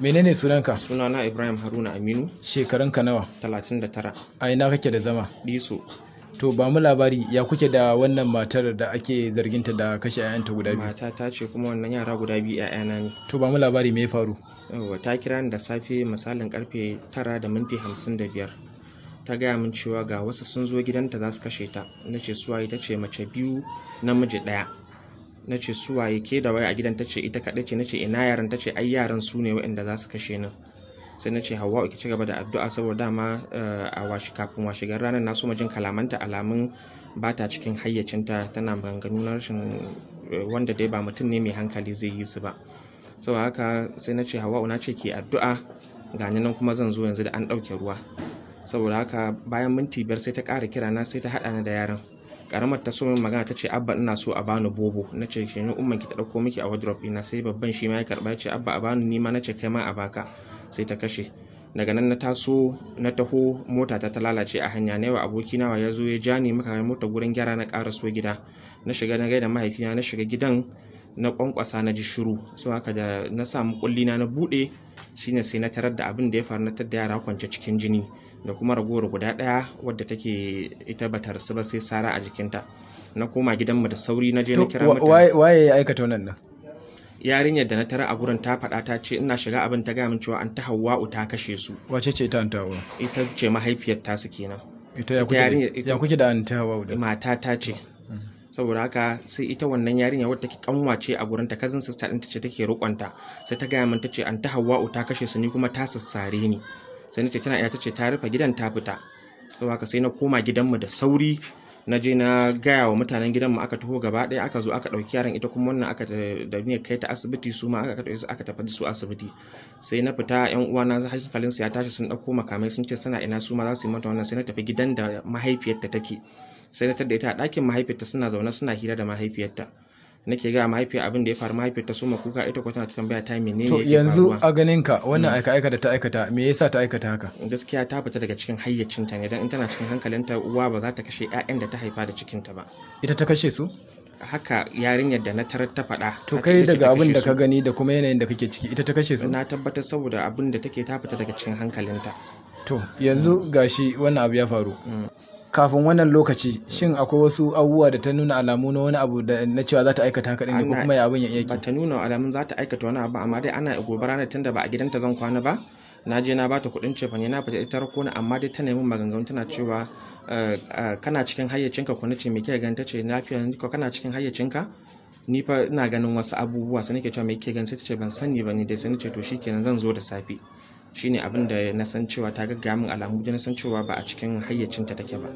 menene sunanka sunana ibrahim haruna aminu shekarunka nawa 39 a ina kake da zama diso to ba mu labari ya kuke da wannan matar da ake zarginta da kashe 'ya'yanta guda biyu mata ta ce kuma wannan yara guda biyu 'ya'yana ne to ba mu labari me ya faru ta kira ni da safe misalin karfe 9 da minti 55 ta gaya min cewa ga wasu sun zo gidanta za su kashe ta na ce suwa ita ce mace biyu namiji ɗaya na ce waye ke da waya a gidan ta ce ita kaɗai ce na ce ina yaran ta ce ai yaran su ne waɗanda za su kashe ni sai na ce hawa ki ci gaba da addu'a saboda dama eh, a washi kafin washi gar ranar na so jin kalamanta alamun ba ta cikin hayyacinta tana maganganu na rashin eh, wanda dai ba mutum ne mai hankali zai yi su ba sau haka sai na ce hawa na ce ke addu'a gani nan kuma zan zo yanzu da an ɗauke ruwa saboda haka bayan minti biyar sai ta ƙara kira na sai ta haɗa ni da yaran karamar ta so magana ta ce abba ina so a bani bobo na ce shi ne umman ta dauko miki a wardrobe ina sai babban shi ma ya karba ce abba a bani ni ma na ce kai ma a baka sai ta kashe daga nan na taso na taho mota ta ta lalace a hanya na yawa aboki nawa ya zo ya ja ni muka mota gurin gyara na kara so gida na shiga na gaida mahaifina na shiga gidan na kwankwasa na ji shiru so haka da na samu kulli na na bude shine sai na tarar da abin da ya faru na tadda yara kwance cikin jini da kuma ragowar guda daya wadda take ita bata rasu ba sai sara a jikinta na koma gidanmu da sauri na je na kira mata waye ya aikata wannan nan yarinyar da na tara a gurin ta faɗa ta ce ina shiga abin ta gamin cewa an ta hawa'u ta kashe su wace ce ta an ta ita ce mahaifiyar ta su kenan ita ya kuke da an ta hawa'u da mata ta ce saboda haka sai ita wannan yarinya wadda take kanwa ce a gurin ta cousin sister din ce take roƙonta sai ta gaya min tace an ta Hawwa'u ta kashe su ni kuma ta sassare ni sai nace tana ina tace ta rufe gidan ta fita saboda haka sai na koma gidanmu da sauri na je na gaya wa mutanen gidanmu aka taho gaba ɗaya aka zo aka ɗauki yaran ita kuma wannan aka da ne kai ta asibiti su ma aka su aka tafi su asibiti sai na fita yan uwana hankalin su ya tashi sun ɗauko makamai sun ce suna ina su ma za su yi mata wannan sai na tafi gidan da mahaifiyarta take sai na tadda ita a ɗakin mahaifiyarta suna zaune suna hira da mahaifiyarta nake ga mahaifiya abin da ya faru mahaifiyarta su kuka ita kwata tana ta tambaya ta menene to yanzu a ganin ka wannan aika mm. aika da ta aikata me yasa ta aikata haka gaskiya ta fita daga cikin hayyacin ta ne dan in tana cikin hankalinta uwa ba za ta kashe ƴaƴan da ta haifa da cikin ta ba ita ta kashe su haka yarinyar da na tarar ta faɗa. To kai daga abin da ka gani da kuma yanayin da kake ciki ita ta kashe su? Na tabbatar saboda abin da take ta fita daga cikin hankalinta. To yanzu mm. gashi wannan abu ya faru. Mm. kafin wannan lokaci shin akwai wasu abubuwa da ta nuna alamu na wani abu da na cewa za ta aikata haka ne ko kuma ya abin ya yake ba ta nuna alamun za ta aikata wani abu amma dai ana gobe ranar tunda ba a gidanta zan kwana ba na je na bata kuɗin cefane na fita ita ko amma dai ta nemi maganganu tana cewa eh, eh, kana cikin hayyacinka ko nace me kike ganin tace lafiya ni ko kana cikin hayyacinka ni fa ina ganin wasu abubuwa sai nake cewa me ke ganin sai tace ban sani ba ni dai sai nace to shikenan zan zo da safe shine abin da na san cewa ta gaggawa min alamu da na san cewa ba a cikin hayyacinta take ba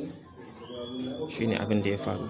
shine abin da ya faru